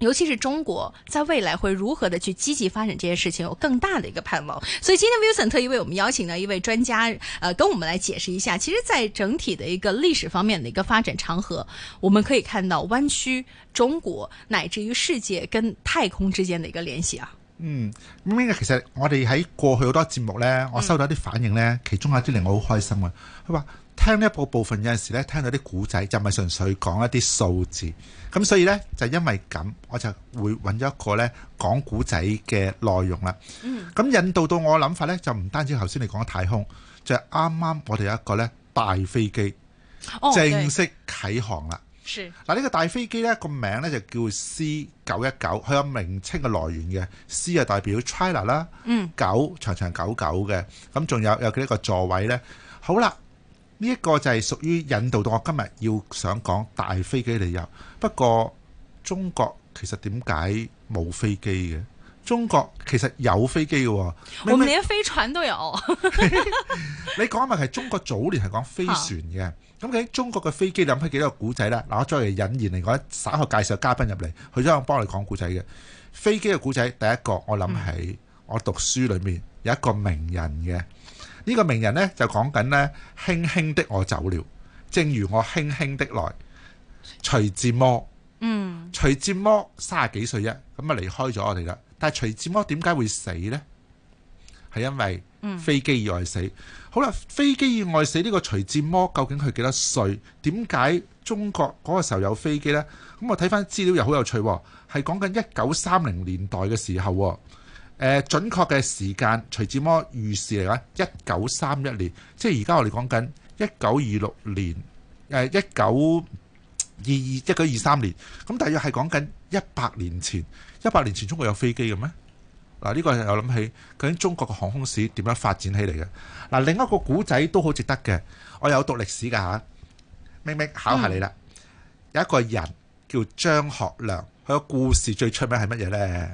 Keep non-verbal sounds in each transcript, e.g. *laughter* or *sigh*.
尤其是中國在未來會如何的去積極發展這些事情，有更大的一個盼望。所以今天 Wilson 特意為我們邀請了一位專家，呃，跟我們來解釋一下。其實，在整體的一個歷史方面的一個發展長河，我們可以看到灣區、中國乃至於世界跟太空之間的一個聯繫啊。嗯，咁、嗯、樣其實我哋喺過去好多節目呢，我收到一啲反應呢，嗯、其中有一啲令我好開心啊。佢話，聽呢一部部分有陣時咧，聽到啲古仔就唔係純粹講一啲數字，咁所以呢，就因為咁，我就會揾咗一個咧講古仔嘅內容啦。咁、嗯、引導到我諗法呢，就唔單止頭先你講太空，就啱、是、啱我哋有一個呢大飛機正式啟航啦。嗱、哦、呢、啊這個大飛機呢個名呢，名就叫 C919，佢有名稱嘅來源嘅 C 就代表 China 啦，嗯，九長長久久嘅，咁仲有有幾多個座位呢？好啦。呢一個就係屬於引導到我今日要想講大飛機旅遊。不過中國其實點解冇飛機嘅？中國其實有飛機嘅，我哋連飛船都有。你講咪係中國早年係講飛船嘅。咁喺中國嘅飛機諗起幾多個古仔呢？嗱，我再嚟引言嚟講，稍後介紹嘉賓入嚟，佢想幫你講古仔嘅飛機嘅古仔。第一個我諗喺我讀書裏面有一個名人嘅。呢個名人呢，就講緊呢：「輕輕的我走了，正如我輕輕的來。」徐志摩，嗯，徐志摩三十幾歲啫，咁啊離開咗我哋啦。但係徐志摩點解會死呢？係因為飛機意外死。嗯、好啦，飛機意外死呢個，徐志摩究竟佢幾多歲？點解中國嗰個時候有飛機呢？咁我睇翻資料又好有趣，哦，係講緊一九三零年代嘅時候，哦。誒準確嘅時間，徐志摩遇事嚟一九三一年，即係而家我哋講緊一九二六年，誒一九二二一九二三年，咁大約係講緊一百年前。一百年前中國有飛機嘅咩？嗱、啊，呢、這個又諗起究竟中國嘅航空史點樣發展起嚟嘅？嗱、啊，另一個古仔都好值得嘅。我有讀歷史嘅嚇，明明考下你啦、嗯，有一個人叫張學良，佢個故事最出名係乜嘢呢？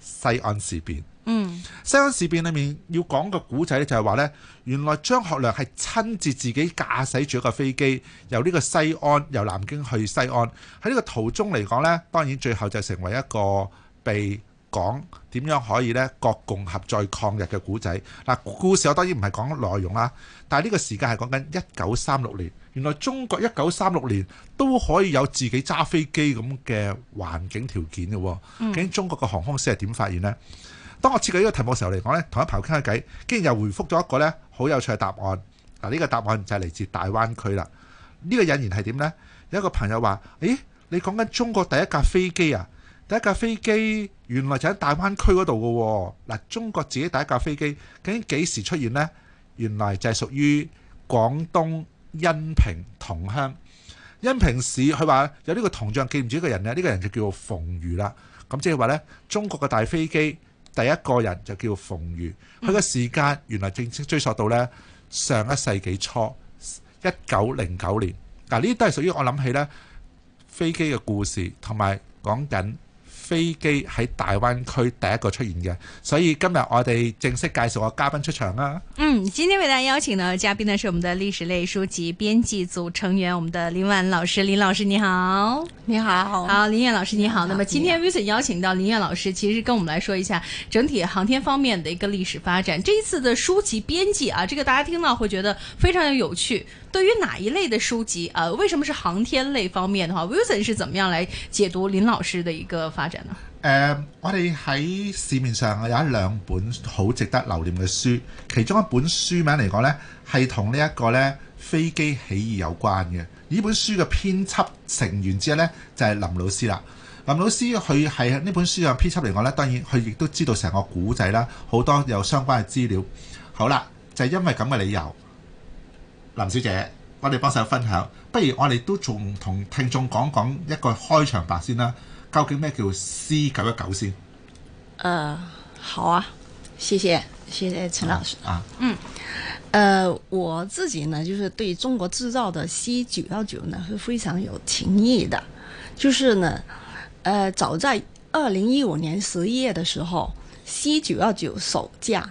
西安事變，嗯，西安事變裏面要講個古仔咧，就係話呢，原來張學良係親自自己駕駛住一個飛機，由呢個西安，由南京去西安，喺呢個途中嚟講呢，當然最後就成為一個被。講點樣可以咧，國共合作抗日嘅古仔嗱，故事我當然唔係講內容啦，但係呢個時間係講緊一九三六年，原來中國一九三六年都可以有自己揸飛機咁嘅環境條件嘅，究竟中國嘅航空史係點發現呢？嗯、當我設計呢個題目嘅時候嚟講呢，同一朋友傾下偈，竟然又回覆咗一個呢好有趣嘅答案。嗱、這、呢個答案就係嚟自大灣區啦。呢、這個引言係點呢？有一個朋友話，誒，你講緊中國第一架飛機啊？第一架飛機原來就喺大灣區嗰度嘅喎，嗱，中國自己第一架飛機究竟幾時出現咧？原來就係屬於廣東恩平同鄉，恩平市佢話有呢個銅像，記唔住呢個人咧？呢個人就叫做馮如啦。咁即係話咧，中國嘅大飛機第一個人就叫做馮如。佢嘅時間原來正式追溯到咧上一世紀初，一九零九年。嗱，呢啲都係屬於我諗起咧飛機嘅故事，同埋講緊。飛機喺大灣區第一個出現嘅，所以今日我哋正式介紹個嘉賓出場啦。嗯，今天為大家邀請嘅嘉賓呢，是我們的歷史類書籍編輯組成員，我們的林苑老師，林老師你好，你好。啊，好，好林苑老師你好，好。那麼今天 Wilson 邀請到林苑老師，其實跟我們來說一下整體航天方面的一個歷史發展。這一次的書籍編輯啊，這個大家聽到會覺得非常的有趣。對於哪一類嘅書籍，啊，為什麼是航天類方面的話，Wilson 是怎麼樣來解讀林老師的一個發展呢？誒、呃，我哋喺市面上有一兩本好值得留念嘅書，其中一本書名嚟講呢，係同呢一個呢飛機起義有關嘅。呢本書嘅編輯成員之一呢，就係、是、林老師啦。林老師佢係呢本書嘅編輯嚟講呢，當然佢亦都知道成個古仔啦，好多有相關嘅資料。好啦，就是、因為咁嘅理由。林小姐，我哋幫手分享，不如我哋都仲同聽眾講講一個開場白先啦。究竟咩叫 C 九一九先？呃，好啊，謝謝，謝謝陳老師啊。啊，嗯，呃，我自己呢，就是對中國製造的 C 九幺九呢，是非常有情意的。就是呢，呃，早在二零一五年十一月嘅時候，C 九幺九首架，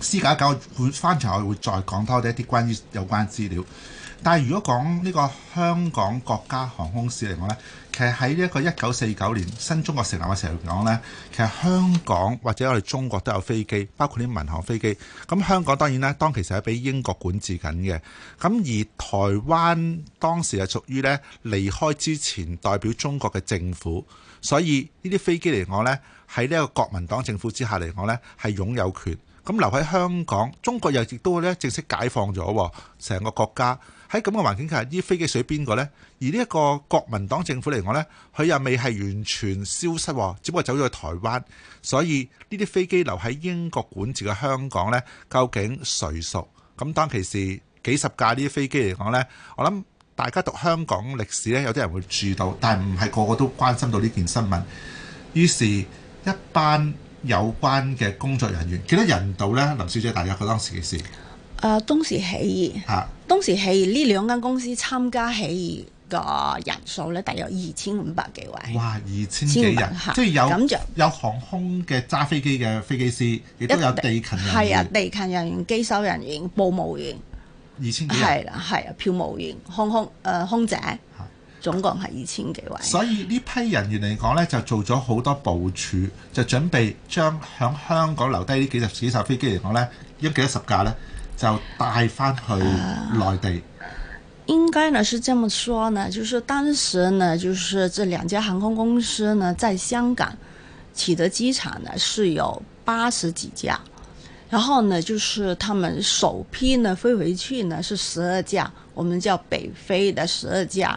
私家教會翻場，我會再講多啲一啲關於有關資料。但係，如果講呢個香港國家航空史嚟講呢，其實喺呢一個一九四九年新中國成立嘅時候嚟講咧，其實香港或者我哋中國都有飛機，包括啲民航飛機。咁香港當然呢，當其實係俾英國管治緊嘅。咁而台灣當時係屬於呢離開之前代表中國嘅政府，所以呢啲飛機嚟講呢喺呢一個國民黨政府之下嚟講呢係擁有權。咁留喺香港，中國又亦都咧正式解放咗，成個國家喺咁嘅環境下，呢啲飛機屬於邊個呢？而呢一個國民黨政府嚟講呢，佢又未係完全消失，只不過走咗去台灣。所以呢啲飛機留喺英國管治嘅香港呢，究竟誰屬？咁當其時幾十架呢啲飛機嚟講呢，我諗大家讀香港歷史呢，有啲人會注意到，但係唔係個個都關心到呢件新聞。於是，一班。.有關嘅工作人員，幾多人度呢？林小姐，大家覺得當時幾、啊、時？啊，當時起義。嚇！當時起義呢兩間公司參加起義嘅人數呢，大約二千五百幾位。哇！二千幾人，1500，即係有有航空嘅揸飛機嘅飛機師，亦都有地勤人員。係啊，地勤人員、機修人員、報務員。二千幾人係啦，係啊，啊，票務員、航空誒空、呃、空姐。啊。總共係二千幾位，所以呢批人員嚟講呢，就做咗好多部署，就準備將響香港留低呢幾十幾十飛機嚟講呢，一幾多十架呢，就帶翻去內地。啊、應該呢是這麼說呢，就是當時呢，就是這兩家航空公司呢，在香港啟德機場呢，是有八十幾架，然後呢，就是他們首批呢飛回去呢，是十二架，我們叫北飛的十二架。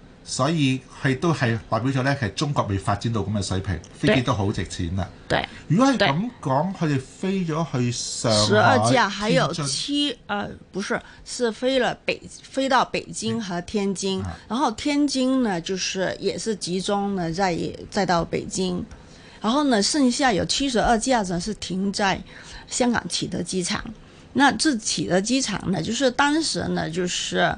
所以佢都係代表咗呢，其實中國未發展到咁嘅水平，飛機都好值錢啦。如果係咁講，佢哋飛咗去上十二架，還有七呃，不是，是飛了北飛到北京和天津，然後天津呢，就是也是集中呢，再再到北京，然後呢，剩下有七十二架呢，是停在香港啟德機場。那這啟德機場呢，就是當時呢，就是。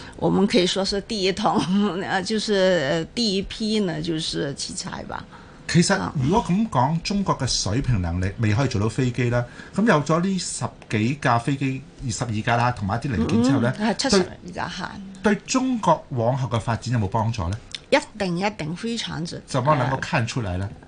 我們可以說是第一桶，啊，就是第一批呢，就是器材吧。其實如果咁講、嗯，中國嘅水平能力未可以做到飛機啦。咁有咗呢十幾架飛機，二十二架啦，同埋一啲零件之後呢，係七十架限。對中國往後嘅發展有冇幫助呢？一定一定非常之。怎、嗯、麼能夠看出嚟呢？嗯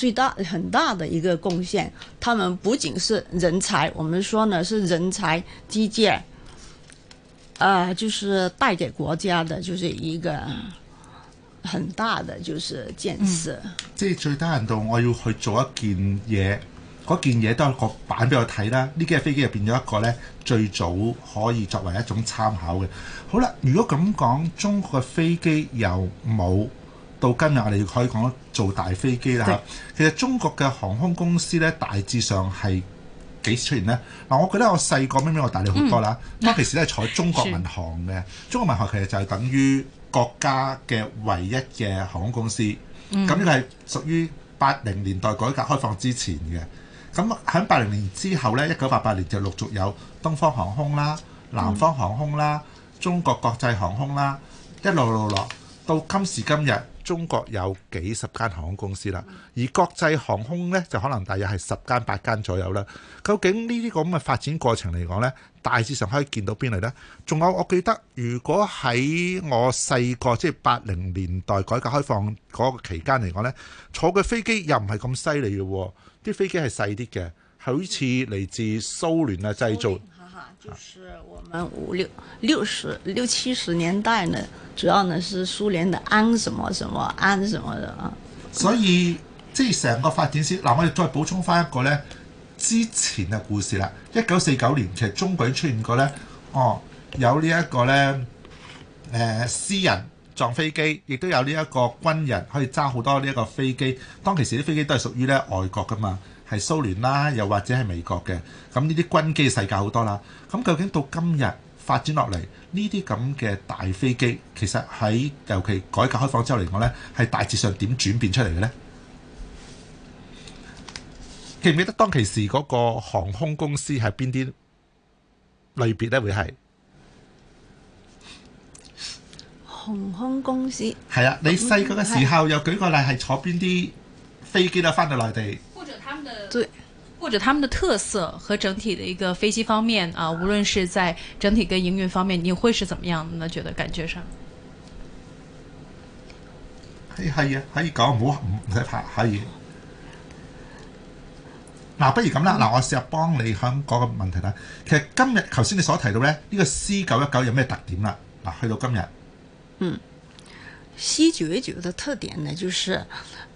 最大很大的一個貢獻，他們不僅是人才，我們說呢是人才基建，啊、呃，就是帶給國家的，就是一個很大的就是建設。嗯、即係最低限度，我要去做一件嘢，嗰件嘢都係一個版俾我睇啦。呢幾架飛機入面有一個咧，最早可以作為一種參考嘅。好啦，如果咁講，中國嘅飛機有冇？到今日，我哋可以講做大飛機啦吓。其實中國嘅航空公司咧，大致上係幾時出現呢？嗱，我覺得我細個明明我大你好多啦。當、嗯、其時咧，坐中國民航嘅中國民航，其實就係等於國家嘅唯一嘅航空公司。咁呢個係屬於八零年代改革開放之前嘅。咁喺八零年之後呢，一九八八年就陸續有東方航空啦、南方航空啦、嗯、中國國際航空啦，一路路落到今時今日。中國有幾十間航空公司啦，而國際航空呢，就可能大約係十間八間左右啦。究竟呢啲咁嘅發展過程嚟講呢，大致上可以見到邊嚟呢？仲有，我記得如果喺我細個即係八零年代改革開放嗰個期間嚟講呢，坐嘅飛機又唔係咁犀利嘅，啲飛機係細啲嘅，係好似嚟自蘇聯呀製造。就是我們五六六十六七十年代呢，主要呢是蘇聯的安什麼什麼安什麼的啊，所以即係成個發展史嗱，我哋再補充返一個呢之前嘅故事啦。一九四九年其實中國出現過呢，哦有呢一個呢誒、呃、私人撞飛機，亦都有呢一個軍人可以揸好多呢一個飛機。當其時啲飛機都係屬於呢外國㗎嘛。係蘇聯啦，又或者係美國嘅，咁呢啲軍機世界好多啦。咁究竟到今日發展落嚟，呢啲咁嘅大飛機，其實喺尤其改革開放之後嚟講呢，係大致上點轉變出嚟嘅呢？記唔記得當其時嗰個航空公司係邊啲類別呢？會係航空公司？係啊！你細個嘅時候又舉個例，係坐邊啲飛機啊？翻到內地。對，或者他們的特色和整體的一個飛機方面啊，無論是在整體跟營運方面，你會是怎麼樣的呢？覺得感覺上，可以， *noise* 可以啊，可以講，唔好唔使怕，可以。嗱、啊，不如咁啦，嗱、啊，我試下幫你響講，講個問題啦。其實今日頭先你所提到咧，呢、這個 C 九一九有咩特點啦？嗱、啊，去到今日，嗯，C 九一九的特點呢，就是。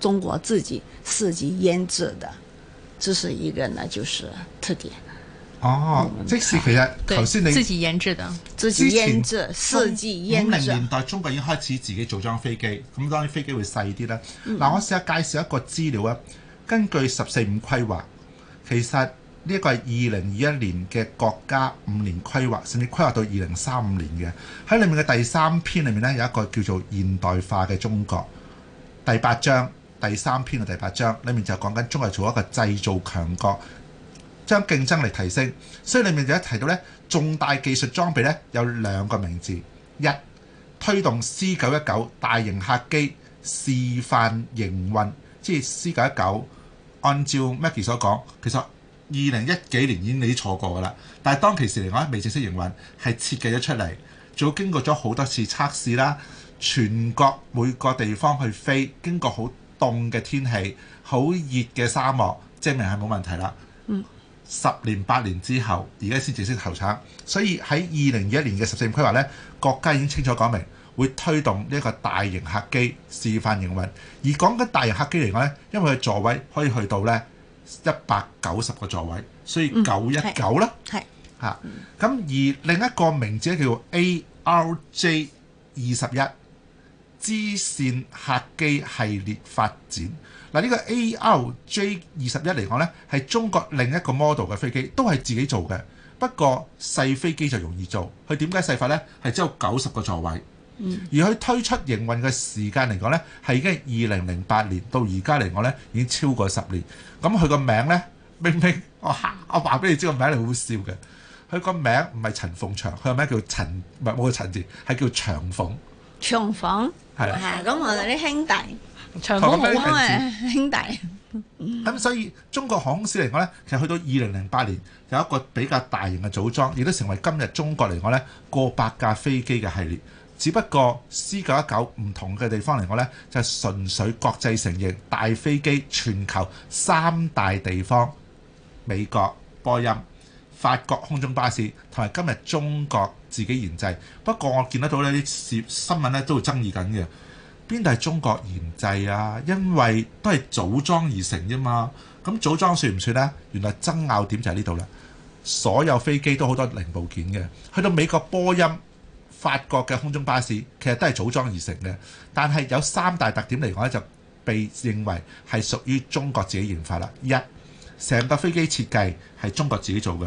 中國自己設計研製的，這是一個呢，就是特點。哦，有有即是其實頭先你自己研製的自己研製，之前研製設計研製。五零年代中國已經開始自己組裝飛機，咁當然飛機會細啲啦。嗱、嗯啊，我試下介紹一個資料啊。根據十四五規劃，其實呢個係二零二一年嘅國家五年規劃，甚至規劃到二零三五年嘅，喺裏面嘅第三篇裏面呢，有一個叫做現代化嘅中國第八章。第三篇嘅第八章裏面就講緊中國做一個製造強國，將競爭力提升。所以裏面就一提到咧，重大技術裝備咧，有兩個名字，一推動 C 九一九大型客機示範營運，即係 C 九一九。按照 Maggie 所講，其實二零一幾年已經你錯過㗎啦。但係當其時嚟講，未正式營運，係設計咗出嚟，仲要經過咗好多次測試啦，全國每個地方去飛，經過好凍嘅天氣，好熱嘅沙漠，證明係冇問題啦、嗯。十年八年之後，而家先正式投產，所以喺二零二一年嘅十四五規劃呢，國家已經清楚講明會推動呢一個大型客機示範營運。而講緊大型客機嚟講呢，因為佢座位可以去到呢一百九十個座位，所以九一九啦，嚇、嗯。咁、嗯啊、而另一個名字叫做 ARJ 二十一。支線客機系列發展，嗱、這個、呢個 ARJ 二十一嚟講呢係中國另一個 model 嘅飛機，都係自己做嘅。不過細飛機就容易做，佢點解細法呢？係只有九十個座位。嗯、而佢推出營運嘅時間嚟講呢係已經係二零零八年到而家嚟講呢已經超過十年。咁佢個名呢，明明我我話俾你知、這個名你好笑嘅，佢個名唔係陳鳳祥，佢咩叫陳？唔係冇個陳字，係叫長鳳。長房係啊，咁我哋啲兄弟長房飛機兄弟，咁、 *laughs* 嗯、所以中國航空公司嚟講呢，其實去到二零零八年有一個比較大型嘅組裝，亦都成為今日中國嚟講呢，過百架飛機嘅系列。只不過 C 九一九唔同嘅地方嚟講呢，就是、純粹國際承認大飛機全球三大地方，美國波音。法國空中巴士同埋今日中國自己研製，不過我見得到呢啲新聞咧都會爭議緊嘅，邊度係中國研製啊？因為都係組裝而成啫嘛。咁組裝算唔算咧？原來爭拗點就喺呢度啦。所有飛機都好多零部件嘅，去到美國波音、法國嘅空中巴士其實都係組裝而成嘅，但係有三大特點嚟講咧就被認為係屬於中國自己研發啦。一，成個飛機設計係中國自己做嘅。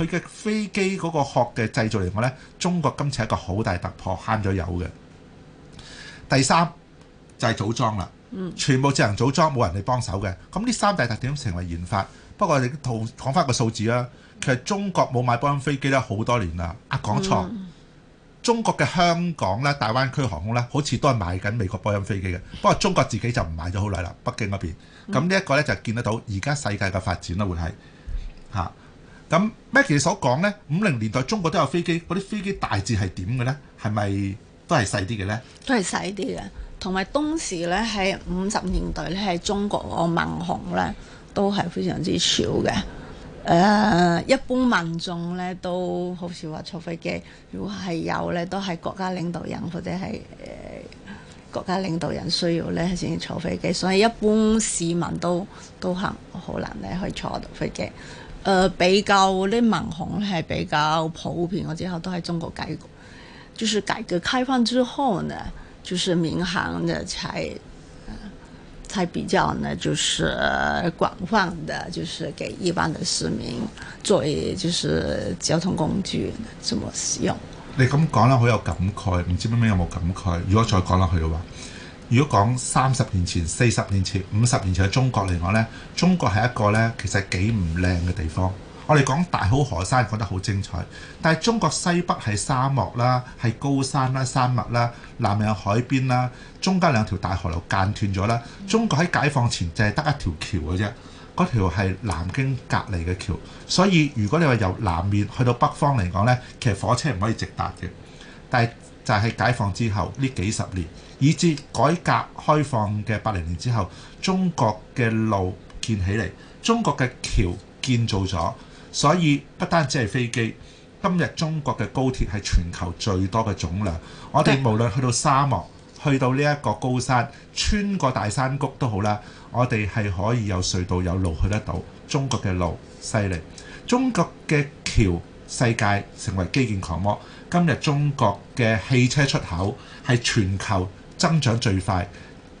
佢嘅飛機嗰個殼嘅製造嚟講呢，中國今次係一個好大突破，慳咗油嘅。第三就係、是、組裝啦，全部智能組裝，冇人哋幫手嘅。咁呢三大特點成為研發。不過我哋同講翻個數字啦，其實中國冇買波音飛機咧好多年啦。啊，講錯、嗯，中國嘅香港咧、大灣區航空咧，好似都係買緊美國波音飛機嘅。不過中國自己就唔買咗好耐啦，北京嗰邊。咁呢一個咧就見得到而家世界嘅發展啦，會係嚇。啊咁 Maggie 所講呢，五零年代中國都有飛機，嗰啲飛機大致係點嘅呢？係咪都係細啲嘅呢？都係細啲嘅，同埋當時呢，喺五十年代呢，喺中國個民航呢都係非常之少嘅、呃。一般民眾呢都好少話坐飛機，如果係有呢，都係國家領導人或者係誒、呃、國家領導人需要呢，先坐飛機，所以一般市民都都行好難呢去坐到飛機。誒、呃、比較啲民航係比較普遍，我之後都係中國改革，就是改革開放之後呢，就是民航呢才，才比較呢，就是廣泛的，就是給一般的市民作為就是交通工具，咁樣使用。你咁講啦，好有感慨，唔知咩咩有冇感慨？如果再講落去嘅話。如果講三十年前、四十年前、五十年前嘅中國嚟講呢，中國係一個呢其實幾唔靚嘅地方。我哋講大好河山講得好精彩，但係中國西北係沙漠啦，係高山啦、山脈啦，南面有海邊啦，中間兩條大河流間斷咗啦。中國喺解放前淨係得一條橋嘅啫，嗰條係南京隔離嘅橋。所以如果你話由南面去到北方嚟講呢，其實火車唔可以直達嘅。但係就係解放之後呢幾十年。以至改革開放嘅八零年之後，中國嘅路建起嚟，中國嘅橋建造咗，所以不單止係飛機。今日中國嘅高鐵係全球最多嘅總量。我哋無論去到沙漠，去到呢一個高山，穿過大山谷都好啦，我哋係可以有隧道、有路去得到。中國嘅路犀利，中國嘅橋世界成為基建狂魔。今日中國嘅汽車出口係全球。增長最快。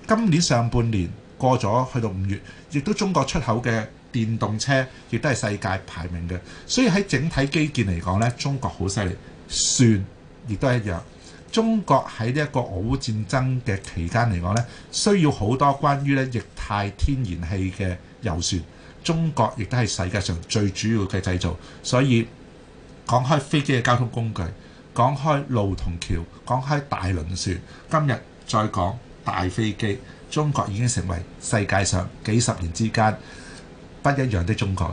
今年上半年過咗去到五月，亦都中國出口嘅電動車亦都係世界排名嘅。所以喺整體基建嚟講呢，中國好犀利。船亦都一樣。中國喺呢一個俄烏戰爭嘅期間嚟講呢，需要好多關於呢液態天然氣嘅油船。中國亦都係世界上最主要嘅製造。所以講開飛機嘅交通工具，講開路同橋，講開大輪船，今日。再講大飛機，中國已經成為世界上幾十年之間不一樣的中國。